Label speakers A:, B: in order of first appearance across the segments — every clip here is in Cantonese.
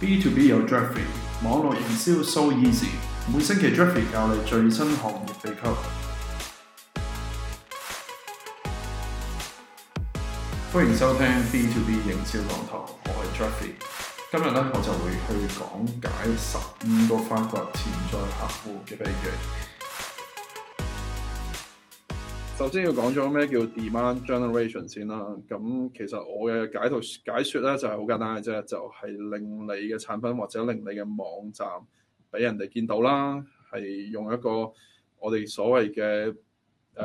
A: B to B 有 Geoffrey，網絡營銷 so easy，每星期 Geoffrey 教你最新行業秘籍。歡迎收聽 B to B 營銷講堂，我係 Geoffrey。今日咧，我就會去講解十五個發掘潛在客戶嘅秘技。首先要講咗咩叫 demand generation 先啦。咁其實我嘅解讀解說咧就係、是、好簡單嘅啫，就係、是、令你嘅產品或者令你嘅網站俾人哋見到啦。係用一個我哋所謂嘅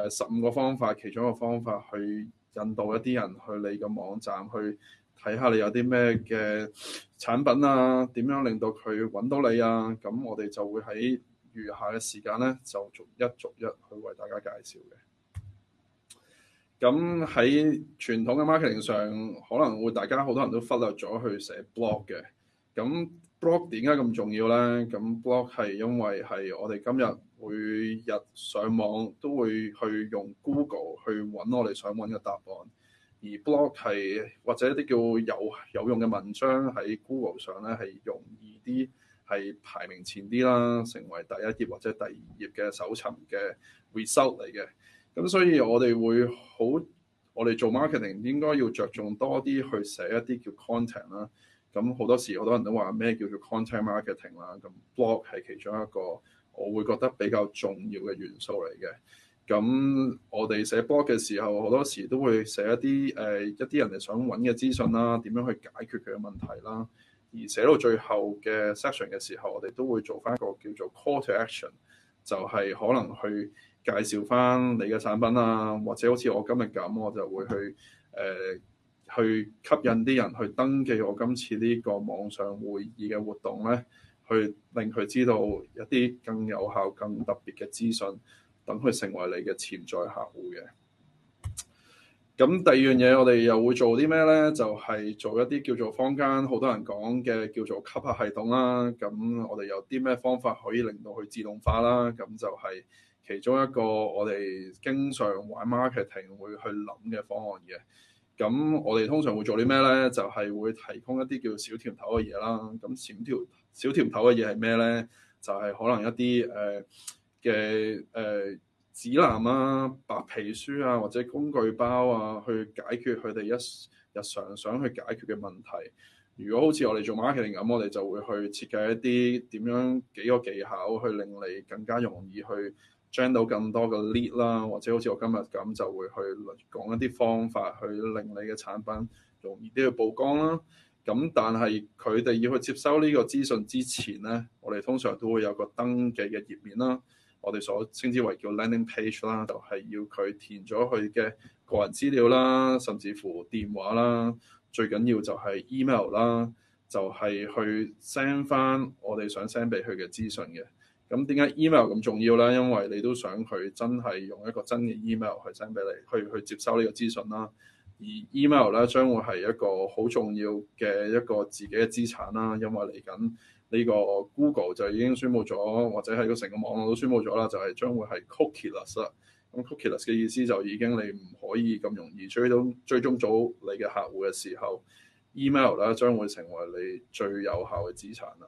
A: 誒十五個方法，其中一個方法去引導一啲人去你嘅網站去睇下你有啲咩嘅產品啊，點樣令到佢揾到你啊。咁我哋就會喺餘下嘅時間咧，就逐一逐一去為大家介紹嘅。咁喺傳統嘅 marketing 上，可能會大家好多人都忽略咗去寫 blog 嘅。咁 blog 點解咁重要咧？咁 blog 係因為係我哋今日每日上網都會去用 Google 去揾我哋想揾嘅答案，而 blog 係或者一啲叫有有用嘅文章喺 Google 上咧係容易啲，係排名前啲啦，成為第一頁或者第二頁嘅搜尋嘅 result 嚟嘅。咁所以我，我哋會好，我哋做 marketing 應該要着重多啲去寫一啲叫 content 啦。咁好多時好多人都話咩叫做 content marketing 啦。咁 blog 係其中一個我會覺得比較重要嘅元素嚟嘅。咁我哋寫 blog 嘅時候，好多時都會寫一啲誒、呃、一啲人哋想揾嘅資訊啦，點樣去解決佢嘅問題啦。而寫到最後嘅 section 嘅時候，我哋都會做翻一個叫做 call to action，就係可能去。介紹翻你嘅產品啊，或者好似我今日咁，我就會去誒、呃、去吸引啲人去登記我今次呢個網上會議嘅活動咧，去令佢知道一啲更有效、更特別嘅資訊，等佢成為你嘅潛在客戶嘅。咁第二樣嘢，我哋又會做啲咩呢？就係做一啲叫做坊間好多人講嘅叫做吸客系統啦。咁我哋有啲咩方法可以令到佢自動化啦？咁就係其中一個我哋經常玩 marketing 會去諗嘅方案嘅。咁我哋通常會做啲咩呢？就係會提供一啲叫做小甜頭嘅嘢啦。咁小甜小甜頭嘅嘢係咩呢？就係可能一啲誒嘅誒。呃指南啊、白皮書啊，或者工具包啊，去解決佢哋一日常想去解決嘅問題。如果好似我哋做 marketing 咁，我哋就會去設計一啲點樣幾個技巧，去令你更加容易去將到更多嘅 lead 啦。或者好似我今日咁，就會去講一啲方法，去令你嘅產品容易啲去曝光啦。咁但係佢哋要去接收呢個資訊之前呢，我哋通常都會有個登記嘅頁面啦。我哋所稱之為叫 landing page 啦，就係要佢填咗佢嘅個人資料啦，甚至乎電話啦，最緊要就係 email 啦，就係去 send 返我哋想 send 俾佢嘅資訊嘅。咁點解 email 咁重要呢？因為你都想佢真係用一個真嘅 email 去 send 俾你，去去接收呢個資訊啦。而 email 呢，將會係一個好重要嘅一個自己嘅資產啦，因為嚟緊。呢個 Google 就已經宣布咗，或者喺個成個網絡都宣布咗啦，就係將會係 Cookieless 啦。咁 Cookieless 嘅意思就已經你唔可以咁容易追到追蹤到你嘅客戶嘅時候，email 啦將會成為你最有效嘅資產啦。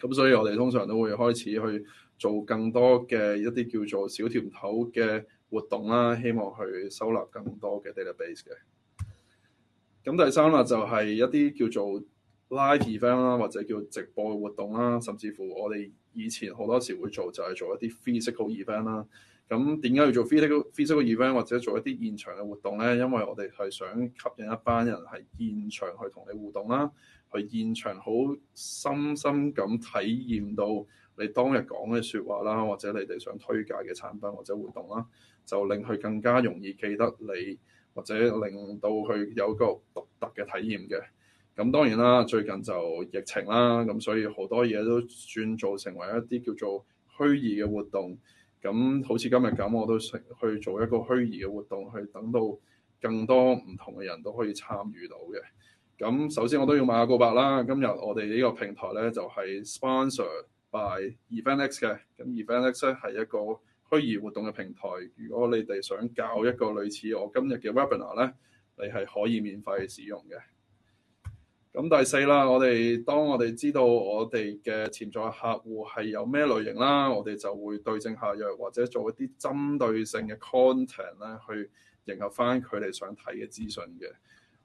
A: 咁所以我哋通常都會開始去做更多嘅一啲叫做小甜頭嘅活動啦，希望去收納更多嘅 database 嘅。咁第三啦，就係一啲叫做。Live event 啦，或者叫直播嘅活動啦，甚至乎我哋以前好多時會做就係做一啲 physical event 啦。咁點解要做 physical physical event 或者做一啲現場嘅活動呢？因為我哋係想吸引一班人係現場去同你互動啦，去現場好深深咁體驗到你當日講嘅説話啦，或者你哋想推介嘅產品或者活動啦，就令佢更加容易記得你，或者令到佢有個獨特嘅體驗嘅。咁當然啦，最近就疫情啦，咁所以好多嘢都轉做成為一啲叫做虛擬嘅活動。咁好似今日咁，我都去做一個虛擬嘅活動，去等到更多唔同嘅人都可以參與到嘅。咁首先我都要賣下告白啦。今日我哋呢個平台咧就係、是、Sponsor by EventX 嘅，咁 EventX 咧係一個虛擬活動嘅平台。如果你哋想搞一個類似我今日嘅 webinar 咧，你係可以免費使用嘅。咁第四啦，我哋當我哋知道我哋嘅潛在客戶係有咩類型啦，我哋就會對症下藥，或者做一啲針對性嘅 content 咧，去迎合翻佢哋想睇嘅資訊嘅。誒、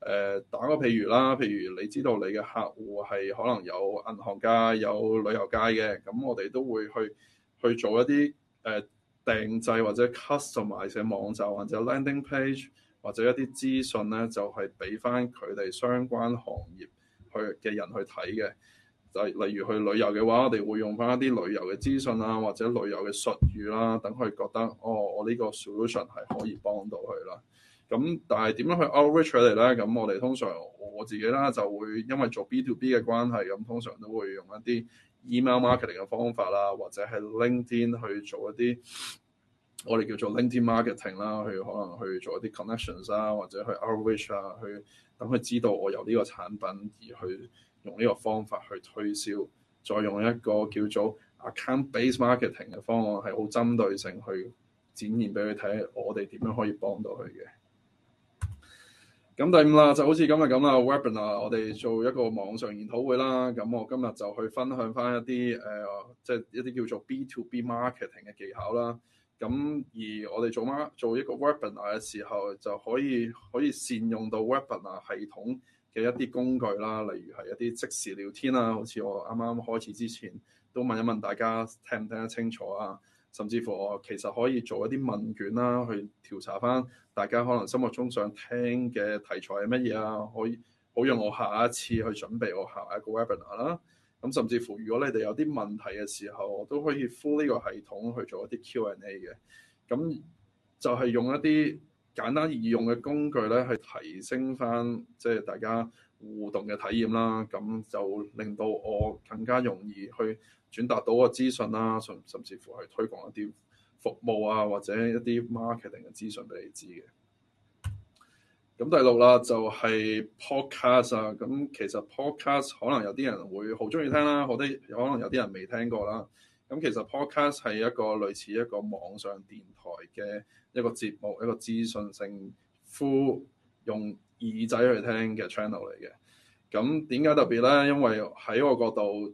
A: 呃、打個譬如啦，譬如你知道你嘅客戶係可能有銀行界有旅遊界嘅，咁我哋都會去去做一啲誒訂製或者 custom 化嘅網站，或者 landing page，或者一啲資訊咧，就係俾翻佢哋相關行業去嘅人去睇嘅，例例如去旅遊嘅話，我哋會用返一啲旅遊嘅資訊啊，或者旅遊嘅術語啦，等佢覺得哦，我呢個 solution 係可以幫到佢啦。咁但係點樣去 outreach 佢哋咧？咁我哋通常我自己啦就會因為做 B to B 嘅關係，咁通常都會用一啲 email marketing 嘅方法啦，或者係 LinkedIn 去做一啲我哋叫做 LinkedIn marketing 啦，去可能去做一啲 connections 啊，或者去 outreach 啊，去。等佢知道我有呢個產品，而去用呢個方法去推銷，再用一個叫做 account-based marketing 嘅方案，係好針對性去展現俾佢睇，我哋點樣可以幫到佢嘅。咁第五啦，就好似今日咁啦，Webinar，我哋做一個網上研討會啦。咁我今日就去分享翻一啲誒，即係一啲叫做 B-to-B marketing 嘅技巧啦。咁而我哋做乜做一個 Webinar 嘅時候，就可以可以善用到 Webinar 系統嘅一啲工具啦，例如係一啲即時聊天啊，好似我啱啱開始之前都問一問大家聽唔聽得清楚啊，甚至乎我其實可以做一啲問卷啦，去調查返大家可能心目中想聽嘅題材係乜嘢啊，可以好用我下一次去準備我下一個 Webinar 啦。咁甚至乎，如果你哋有啲問題嘅時候，我都可以呼呢個系統去做一啲 Q&A 嘅。咁就係用一啲簡單易用嘅工具咧，去提升翻即係大家互動嘅體驗啦。咁就令到我更加容易去轉達到個資訊啦，甚甚至乎係推廣一啲服務啊，或者一啲 marketing 嘅資訊俾你知嘅。咁第六啦，就係 podcast 啊！咁其實 podcast 可能有啲人會好中意聽啦，好啲可能有啲人未聽過啦。咁其實 podcast 係一個類似一個網上電台嘅一個節目，一個資訊性、呼用耳仔去聽嘅 channel 嚟嘅。咁點解特別呢？因為喺我角度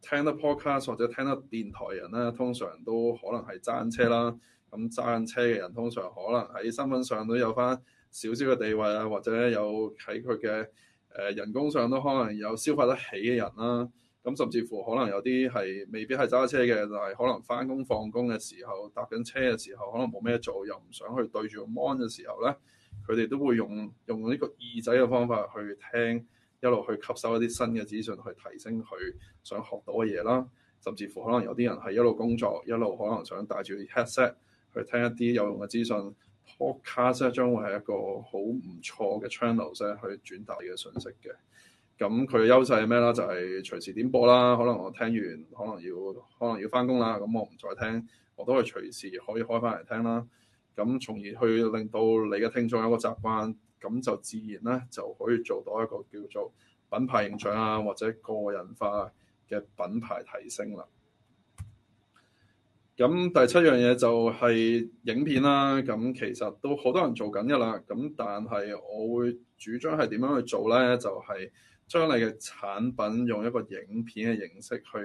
A: 聽得 podcast 或者聽得電台人呢，通常都可能係揸緊車啦。咁揸緊車嘅人通常可能喺身份上都有翻。少少嘅地位啊，或者有喺佢嘅誒人工上都可能有消費得起嘅人啦。咁甚至乎可能有啲係未必係揸車嘅，就係可能翻工放工嘅時候，搭緊車嘅時候，可能冇咩做，又唔想去對住個 mon 嘅時候咧，佢哋都會用用呢個耳仔嘅方法去聽，一路去吸收一啲新嘅資訊，去提升佢想學到嘅嘢啦。甚至乎可能有啲人係一路工作，一路可能想戴住 headset 去聽一啲有用嘅資訊。Podcast 將會係一個好唔錯嘅 channel 咧，去轉達你嘅信息嘅。咁佢嘅優勢係咩咧？就係、是、隨時點播啦。可能我聽完，可能要，可能要翻工啦。咁我唔再聽，我都係隨時可以開翻嚟聽啦。咁從而去令到你嘅聽眾有一個習慣，咁就自然咧，就可以做到一個叫做品牌形象啊，或者個人化嘅品牌提升啦。咁第七樣嘢就係影片啦，咁其實都好多人做緊嘅啦。咁但係我會主張係點樣去做呢？就係將你嘅產品用一個影片嘅形式去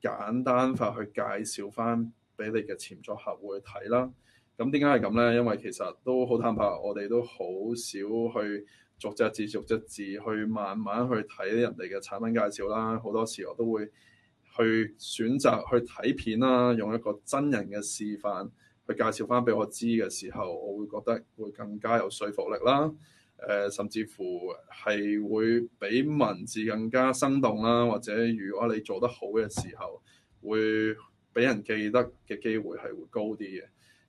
A: 簡單化去介紹翻俾你嘅潛在客戶去睇啦。咁點解係咁呢？因為其實都好坦白，我哋都好少去逐隻字逐隻字去慢慢去睇人哋嘅產品介紹啦。好多時我都會，去選擇去睇片啦，用一個真人嘅示範去介紹翻俾我知嘅時候，我會覺得會更加有說服力啦。誒、呃，甚至乎係會比文字更加生動啦，或者如果你做得好嘅時候，會俾人記得嘅機會係會高啲嘅。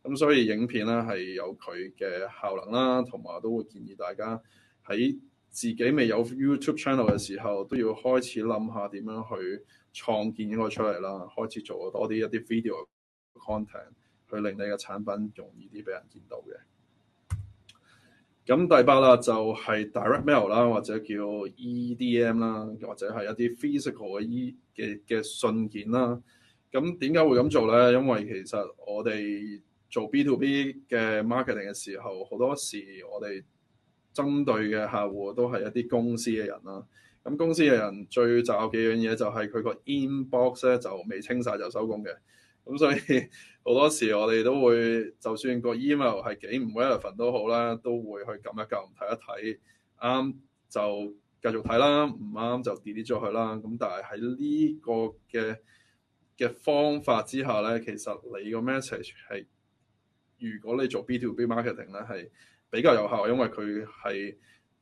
A: 咁所以影片咧係有佢嘅效能啦，同埋都會建議大家喺自己未有 YouTube channel 嘅時候，都要開始諗下點樣去。創建一個出嚟啦，開始做多啲一啲 video content，去令你嘅產品容易啲俾人見到嘅。咁第八啦，就係 direct mail 啦，或者叫 EDM 啦，或者係一啲 physical 嘅嘅嘅信件啦。咁點解會咁做咧？因為其實我哋做 B to B 嘅 marketing 嘅時候，好多時我哋針對嘅客戶都係一啲公司嘅人啦。咁公司嘅人最煩嘅樣嘢就係佢個 inbox 咧就未清晒就收工嘅，咁所以好多時我哋都會，就算個 email 係幾唔 relevant 都好啦，都會去撳一撳睇一睇，啱就繼續睇啦，唔啱就 delete 咗佢啦。咁但係喺呢個嘅嘅方法之下咧，其實你個 message 係，如果你做 B to B marketing 咧係比較有效，因為佢係。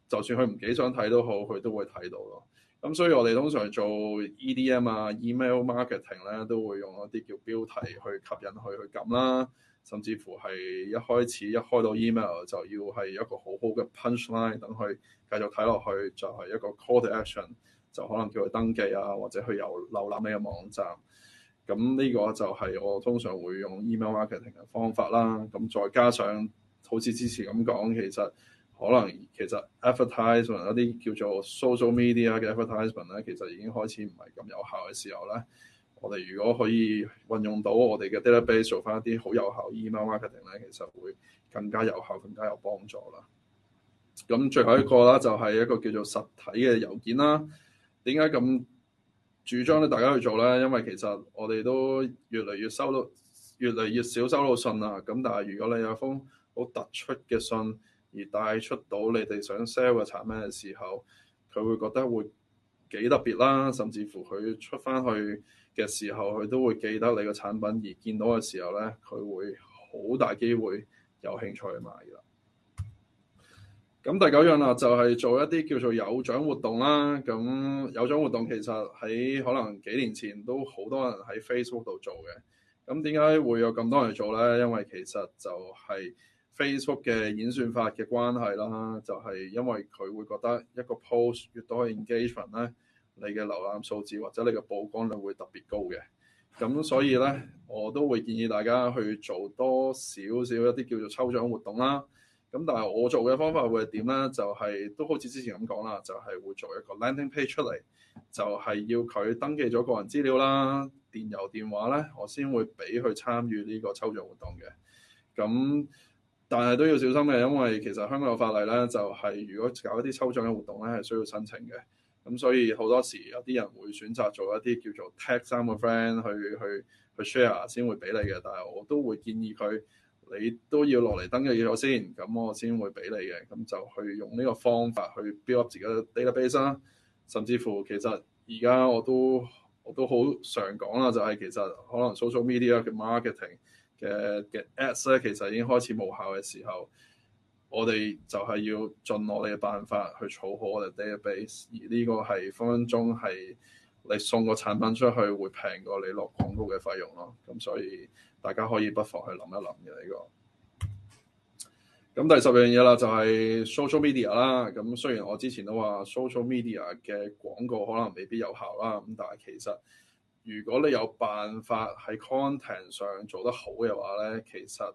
A: 就算佢唔幾想睇都好，佢都會睇到咯。咁所以我哋通常做 EDM 啊、email marketing 咧，都會用一啲叫標題去吸引佢去撳啦。甚至乎係一開始一開到 email 就要係一個好好嘅 punchline，等佢繼續睇落去就係一個 call to action，就可能叫佢登記啊，或者去有瀏覽呢個網站。咁呢個就係我通常會用 email marketing 嘅方法啦。咁再加上好似之前咁講，其實～可能其實 advertisement 一啲叫做 social media 嘅 advertisement 咧，其實已經開始唔係咁有效嘅時候咧。我哋如果可以運用到我哋嘅 database 做返一啲好有效 email marketing 咧，其實會更加有效，更加有幫助啦。咁最後一個啦，就係一個叫做實體嘅郵件啦。點解咁主張咧？大家去做咧？因為其實我哋都越嚟越收到越嚟越少收到信啦。咁但係如果你有封好突出嘅信，而帶出到你哋想 sell 嘅產品嘅時候，佢會覺得會幾特別啦，甚至乎佢出翻去嘅時候，佢都會記得你個產品。而見到嘅時候呢，佢會好大機會有興趣去買啦。咁第九樣啦，就係、是、做一啲叫做有獎活動啦。咁有獎活動其實喺可能幾年前都好多人喺 Facebook 度做嘅。咁點解會有咁多人做呢？因為其實就係、是 Facebook 嘅演算法嘅關係啦，就係因為佢會覺得一個 post 越多 engagement 咧，你嘅瀏覽數字或者你嘅曝光率會特別高嘅。咁所以咧，我都會建議大家去做多少少一啲叫做抽獎活動啦。咁但係我做嘅方法會係點咧？就係都好似之前咁講啦，就係會做一個 landing page 出嚟，就係要佢登記咗個人資料啦、電郵、電話咧，我先會俾佢參與呢個抽獎活動嘅。咁但係都要小心嘅，因為其實香港有法例咧，就係如果搞一啲抽獎嘅活動咧，係需要申請嘅。咁所以好多時有啲人會選擇做一啲叫做 tag 三個 friend 去去去，去 share 先會俾你嘅。但係我都會建議佢，你都要落嚟登入咗先，咁我先會俾你嘅。咁就去用呢個方法去 build up 自己嘅 database 啦。甚至乎其實而家我都我都好常講啦，就係其實可能 social media 嘅 marketing。嘅嘅 ads 咧，其實已經開始無效嘅時候，我哋就係要盡我哋嘅辦法去儲好我哋 database，而呢個係分分鐘係你送個產品出去會平過你落廣告嘅費用咯。咁所以大家可以不妨去諗一諗嘅呢個。咁第十樣嘢啦，就係 social media 啦。咁雖然我之前都話 social media 嘅廣告可能未必有效啦，咁但係其實。如果你有辦法喺 content 上做得好嘅話咧，其實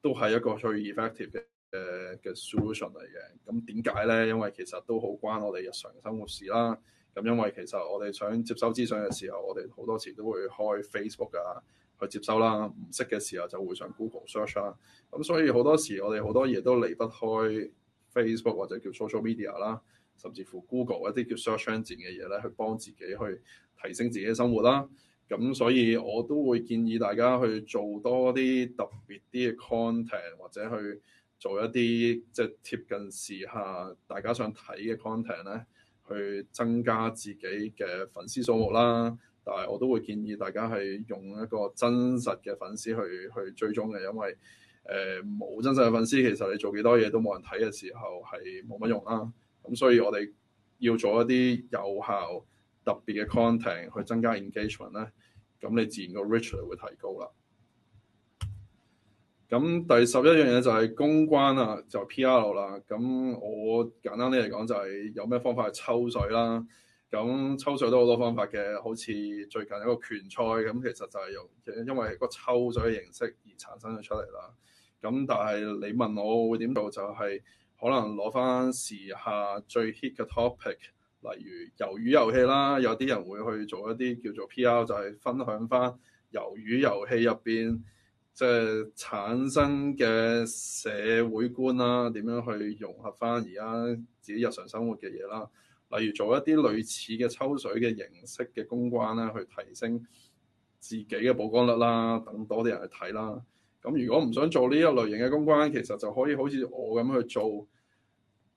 A: 都係一個最 effective 嘅嘅 solution 嚟嘅。咁點解咧？因為其實都好關我哋日常生活事啦。咁因為其實我哋想接收資訊嘅時候，我哋好多時都會開 Facebook 啊去接收啦。唔識嘅時候就會上 Google search 啦、啊。咁所以好多時我哋好多嘢都離不開 Facebook 或者叫 social media 啦，甚至乎 Google 一啲叫 search engine 嘅嘢咧，去幫自己去。提升自己嘅生活啦，咁所以我都會建議大家去做多啲特別啲嘅 content，或者去做一啲即係貼近時下大家想睇嘅 content 咧，去增加自己嘅粉絲數目啦。但係我都會建議大家係用一個真實嘅粉絲去去追蹤嘅，因為誒冇、呃、真實嘅粉絲，其實你做幾多嘢都冇人睇嘅時候係冇乜用啦。咁所以我哋要做一啲有效。特別嘅 content 去增加 engagement 咧，咁你自然個 rich 度會提高啦。咁第十一樣嘢就係公關啊，就 PR 啦。咁我簡單啲嚟講，就係有咩方法去抽水啦。咁抽水都好多方法嘅，好似最近一個拳賽咁，其實就係用因為係個抽水嘅形式而產生咗出嚟啦。咁但係你問我會點做，就係可能攞翻時下最 hit 嘅 topic。例如魷魚遊戲啦，有啲人會去做一啲叫做 PR，就係分享翻魷魚遊戲入邊即係產生嘅社會觀啦，點樣去融合翻而家自己日常生活嘅嘢啦。例如做一啲類似嘅抽水嘅形式嘅公關啦，去提升自己嘅曝光率啦，等多啲人去睇啦。咁如果唔想做呢一類型嘅公關，其實就可以好似我咁去做。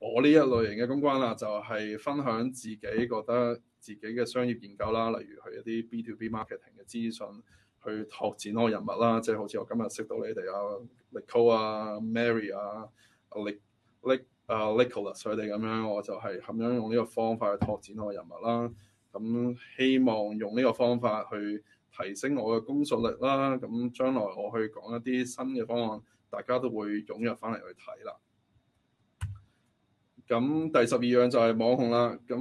A: 我呢一類型嘅公關啦、啊，就係、是、分享自己覺得自己嘅商業研究啦，例如去一啲 B to B marketing 嘅資訊，去拓展我人物啦。即係好似我今日識到你哋啊 Nicole 啊，Mary 啊，啊 Lick 啊，Licko 啊，佢哋咁樣，我就係咁樣用呢個方法去拓展我人物啦。咁希望用呢個方法去提升我嘅公信力啦。咁將來我去講一啲新嘅方案，大家都會踴躍翻嚟去睇啦。咁第十二樣就係網紅啦。咁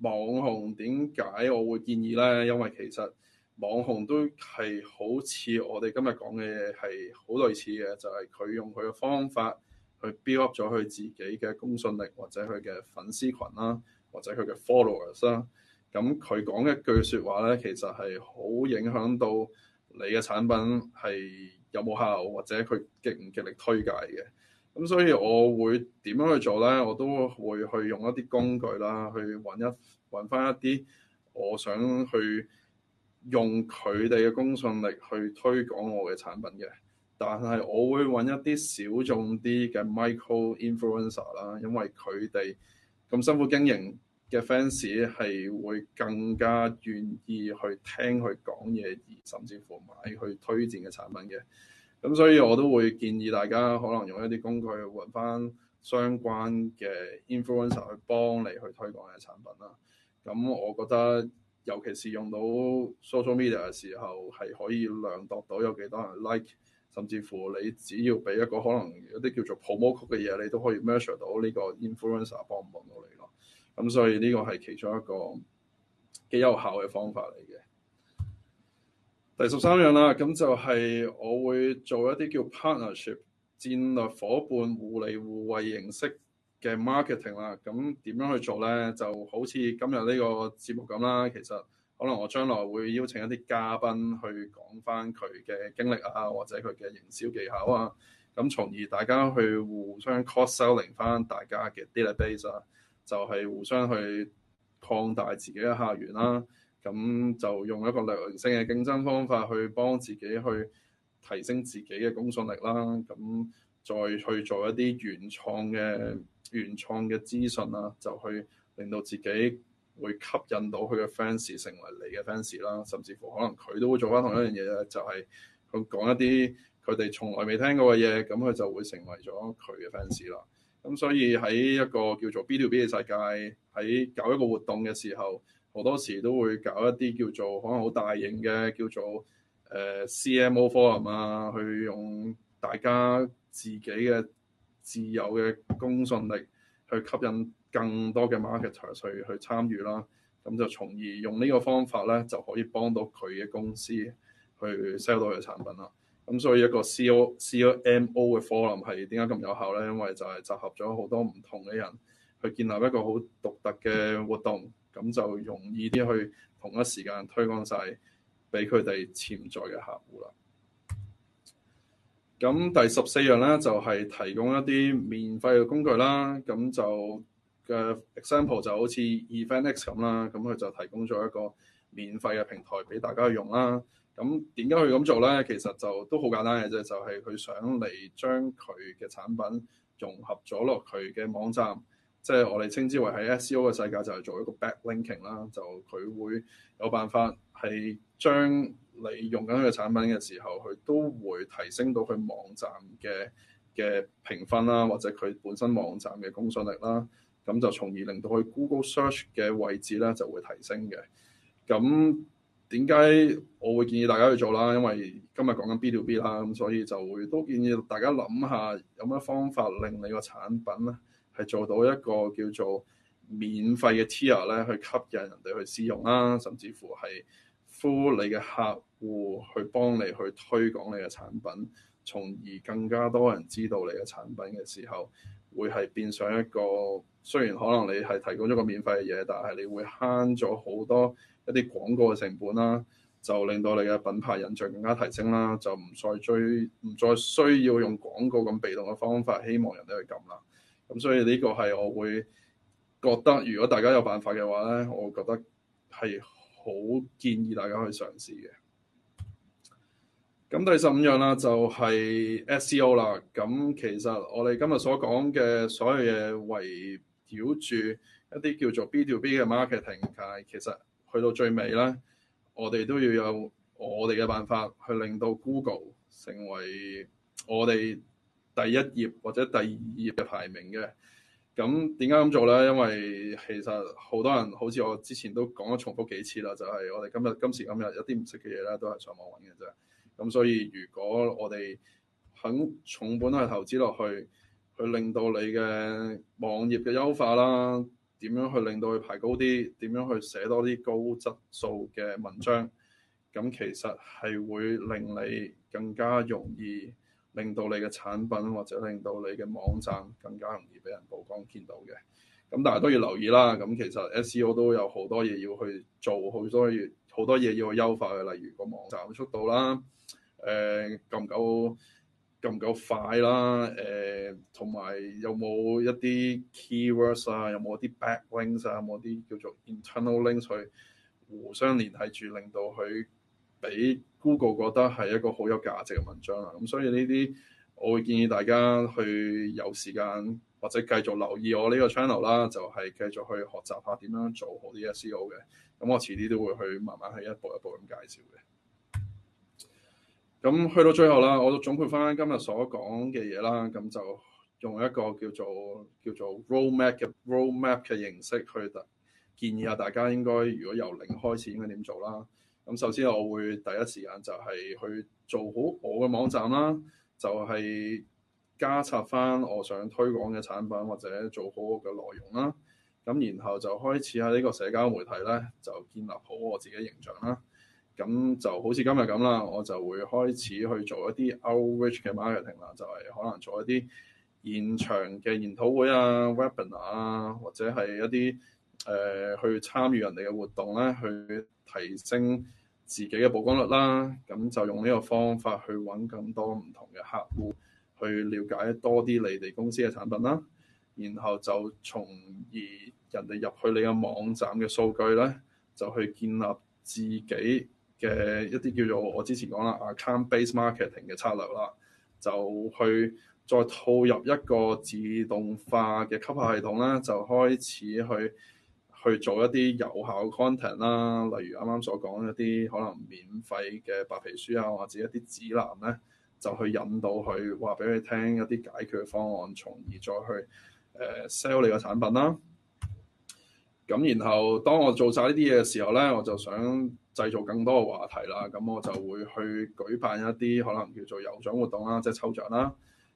A: 網紅點解我會建議呢？因為其實網紅都係好似我哋今日講嘅嘢，係好類似嘅，就係佢用佢嘅方法去 build up 咗佢自己嘅公信力或者佢嘅粉絲群啦，或者佢嘅 followers 啦。咁佢講一句説話呢，其實係好影響到你嘅產品係有冇效，或者佢極唔極力推介嘅。咁所以我會點樣去做呢？我都會去用一啲工具啦，去揾一揾返一啲我想去用佢哋嘅公信力去推廣我嘅產品嘅。但係我會揾一啲小眾啲嘅 micro influencer 啦，因為佢哋咁辛苦經營嘅 fans 係會更加願意去聽佢講嘢，而甚至乎買去推薦嘅產品嘅。咁所以我都會建議大家可能用一啲工具去揾翻相關嘅 influencer 去幫你去推廣嘅產品啦。咁我覺得尤其是用到 social media 嘅時候，係可以量度到有幾多人 like，甚至乎你只要俾一個可能有啲叫做 promo code 嘅嘢，你都可以 measure 到呢個 influencer 幫唔幫到你咯。咁所以呢個係其中一個幾有效嘅方法嚟嘅。第十三樣啦，咁就係我會做一啲叫 partnership 戰略夥伴，互利互惠形式嘅 marketing 啦。咁點樣去做呢？就好似今日呢個節目咁啦。其實可能我將來會邀請一啲嘉賓去講返佢嘅經歷啊，或者佢嘅營銷技巧啊。咁從而大家去互相 cost selling 返大家嘅 database 啊，就係互相去擴大自己嘅客源啦。咁就用一個良性嘅競爭方法去幫自己去提升自己嘅公信力啦，咁再去做一啲原創嘅原創嘅資訊啦，就去令到自己會吸引到佢嘅 fans 成為你嘅 fans 啦，甚至乎可能佢都會做翻同一樣嘢咧，就係、是、佢講一啲佢哋從來未聽過嘅嘢，咁佢就會成為咗佢嘅 fans 啦。咁所以喺一個叫做 B2B 嘅世界，喺搞一個活動嘅時候，好多時都會搞一啲叫做可能好大型嘅叫做誒 CMO forum 啊，去用大家自己嘅自由嘅公信力去吸引更多嘅 marketers 去去參與啦。咁就從而用呢個方法咧，就可以幫到佢嘅公司去 sell 到佢嘅產品啦。咁所以一個 C O CMO 嘅 forum 係點解咁有效咧？因為就係集合咗好多唔同嘅人去建立一個好獨特嘅活動。咁就容易啲去同一時間推廣晒俾佢哋潛在嘅客戶啦。咁第十四樣咧就係提供一啲免費嘅工具啦。咁就嘅 example 就好似 EventX 咁啦，咁佢就提供咗一個免費嘅平台俾大家用啦。咁點解佢咁做咧？其實就都好簡單嘅啫，就係佢想嚟將佢嘅產品融合咗落佢嘅網站。即係我哋稱之為喺 SEO 嘅世界，就係做一個 backlinking 啦。Inking，就佢會有辦法係將你用緊佢嘅產品嘅時候，佢都會提升到佢網站嘅嘅評分啦，或者佢本身網站嘅公信力啦。咁就從而令到佢 Google Search 嘅位置咧就會提升嘅。咁點解我會建議大家去做啦？因為今日講緊 B2B 啦，咁所以就會都建議大家諗下有咩方法令你個產品咧，係做到一個叫做免費嘅 tier 咧，去吸引人哋去試用啦，甚至乎係呼你嘅客戶去幫你去推廣你嘅產品，從而更加多人知道你嘅產品嘅時候，會係變上一個。雖然可能你係提供咗個免費嘅嘢，但係你會慳咗好多一啲廣告嘅成本啦，就令到你嘅品牌印象更加提升啦。就唔再追，唔再需要用廣告咁被動嘅方法，希望人哋去撳啦。咁所以呢個係我會覺得，如果大家有辦法嘅話呢，我覺得係好建議大家去嘗試嘅。咁第十五樣啦，就係、是、S e O 啦。咁其實我哋今日所講嘅所有嘢，圍繞住一啲叫做 B to B 嘅 marketing，其實去到最尾呢，我哋都要有我哋嘅辦法去令到 Google 成為我哋第一頁或者第二頁嘅排名嘅，咁點解咁做呢？因為其實好多人好似我之前都講咗重複幾次啦，就係我哋今日今時今日有啲唔識嘅嘢咧，都係上網揾嘅啫。咁所以如果我哋肯重本去投資落去，去令到你嘅網頁嘅優化啦，點樣去令到佢排高啲，點樣去寫多啲高質素嘅文章，咁其實係會令你更加容易。令到你嘅產品或者令到你嘅網站更加容易俾人曝光見到嘅，咁但係都要留意啦。咁其實 SEO 都有好多嘢要去做，好多嘢好多嘢要去優化嘅，例如個網站嘅速度啦，誒、呃、夠唔夠夠唔夠快啦，誒同埋有冇一啲 keywords 啊，啊，有冇啲 backlinks 啊，有冇啲叫做 internal links 去互相連繫住，令到佢，喺 Google 覺得係一個好有價值嘅文章啦，咁所以呢啲，我會建議大家去有時間或者繼續留意我呢個 channel 啦，就係、是、繼續去學習下點樣做好啲 SEO 嘅。咁我遲啲都會去慢慢去一步一步咁介紹嘅。咁去到最後啦，我就總括返今日所講嘅嘢啦，咁就用一個叫做叫做 road map roadmap 嘅 roadmap 嘅形式去建議下大家應該如果由零開始應該點做啦。咁首先我會第一時間就係去做好我嘅網站啦，就係加插返我想推廣嘅產品或者做好我嘅內容啦。咁然後就開始喺呢個社交媒體咧，就建立好我自己形象啦。咁就好似今日咁啦，我就會開始去做一啲 outreach 嘅 marketing 啦，就係可能做一啲現場嘅研討會啊、webinar 啊，或者係一啲。誒去參與人哋嘅活動咧，去提升自己嘅曝光率啦，咁就用呢個方法去揾更多唔同嘅客戶，去了解多啲你哋公司嘅產品啦，然後就從而人哋入去你嘅網站嘅數據咧，就去建立自己嘅一啲叫做我之前講啦 account base marketing 嘅策略啦，就去再套入一個自動化嘅吸客系統咧，就開始去。去做一啲有效 content 啦，例如啱啱所講一啲可能免費嘅白皮書啊，或者一啲指南咧，就去引導佢話俾佢聽一啲解決方案，從而再去誒 sell、呃、你個產品啦。咁然後當我做晒呢啲嘢嘅時候咧，我就想製造更多嘅話題啦。咁我就會去舉辦一啲可能叫做有獎活動啦，即係抽獎啦。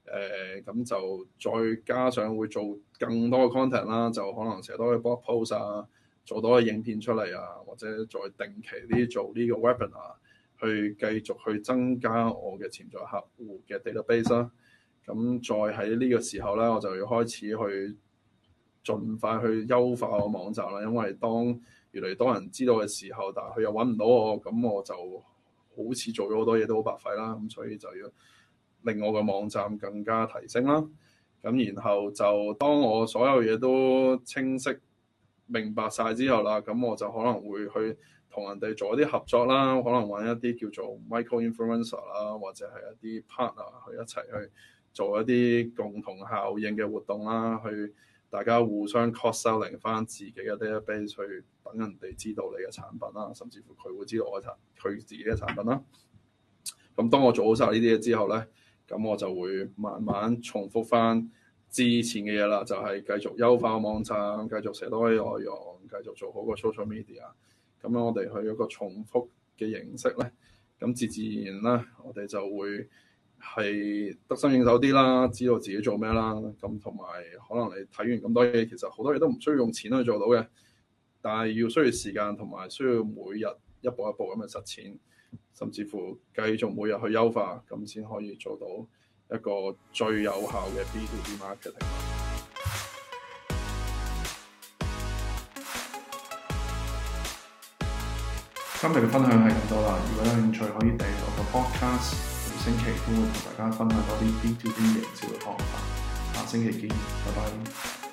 A: 誒咁、呃、就再加上會做更多嘅 content 啦，就可能寫多嘅 blog post 啊，做多嘅影片出嚟啊，或者再定期啲做呢個 webinar，啊、去繼續去增加我嘅潛在客戶嘅 database 啦、啊。咁再喺呢個時候咧，我就要開始去盡快去優化我網站啦，因為當越嚟越多人知道嘅時候，但係佢又揾唔到我，咁我就好似做咗好多嘢都好白費啦。咁所以就要。令我嘅網站更加提升啦。咁然後就當我所有嘢都清晰明白晒之後啦，咁我就可能會去同人哋做一啲合作啦。可能揾一啲叫做 micro influencer 啦，或者係一啲 partner 去一齊去做一啲共同效應嘅活動啦，去大家互相 cross selling 翻自己嘅 database 去等人哋知道你嘅產品啦，甚至乎佢會知道我嘅產佢自己嘅產品啦。咁當我做好晒呢啲嘢之後咧。咁我就會慢慢重複翻之前嘅嘢啦，就係繼續優化個網站，繼續寫多啲內容，繼續做好個 social media。咁樣我哋去一個重複嘅形式咧，咁自自然然啦，我哋就會係得心應手啲啦，知道自己做咩啦。咁同埋可能你睇完咁多嘢，其實好多嘢都唔需要用錢去做到嘅，但係要需要時間同埋需要每日一步一步咁去實踐。甚至乎繼續每日去優化，咁先可以做到一個最有效嘅 B to B marketing。今日嘅分享係咁多啦，如果有興趣可以訂閱我個 podcast，每星期都會同大家分享多啲 B to B 營銷嘅方法。下星期見，拜拜。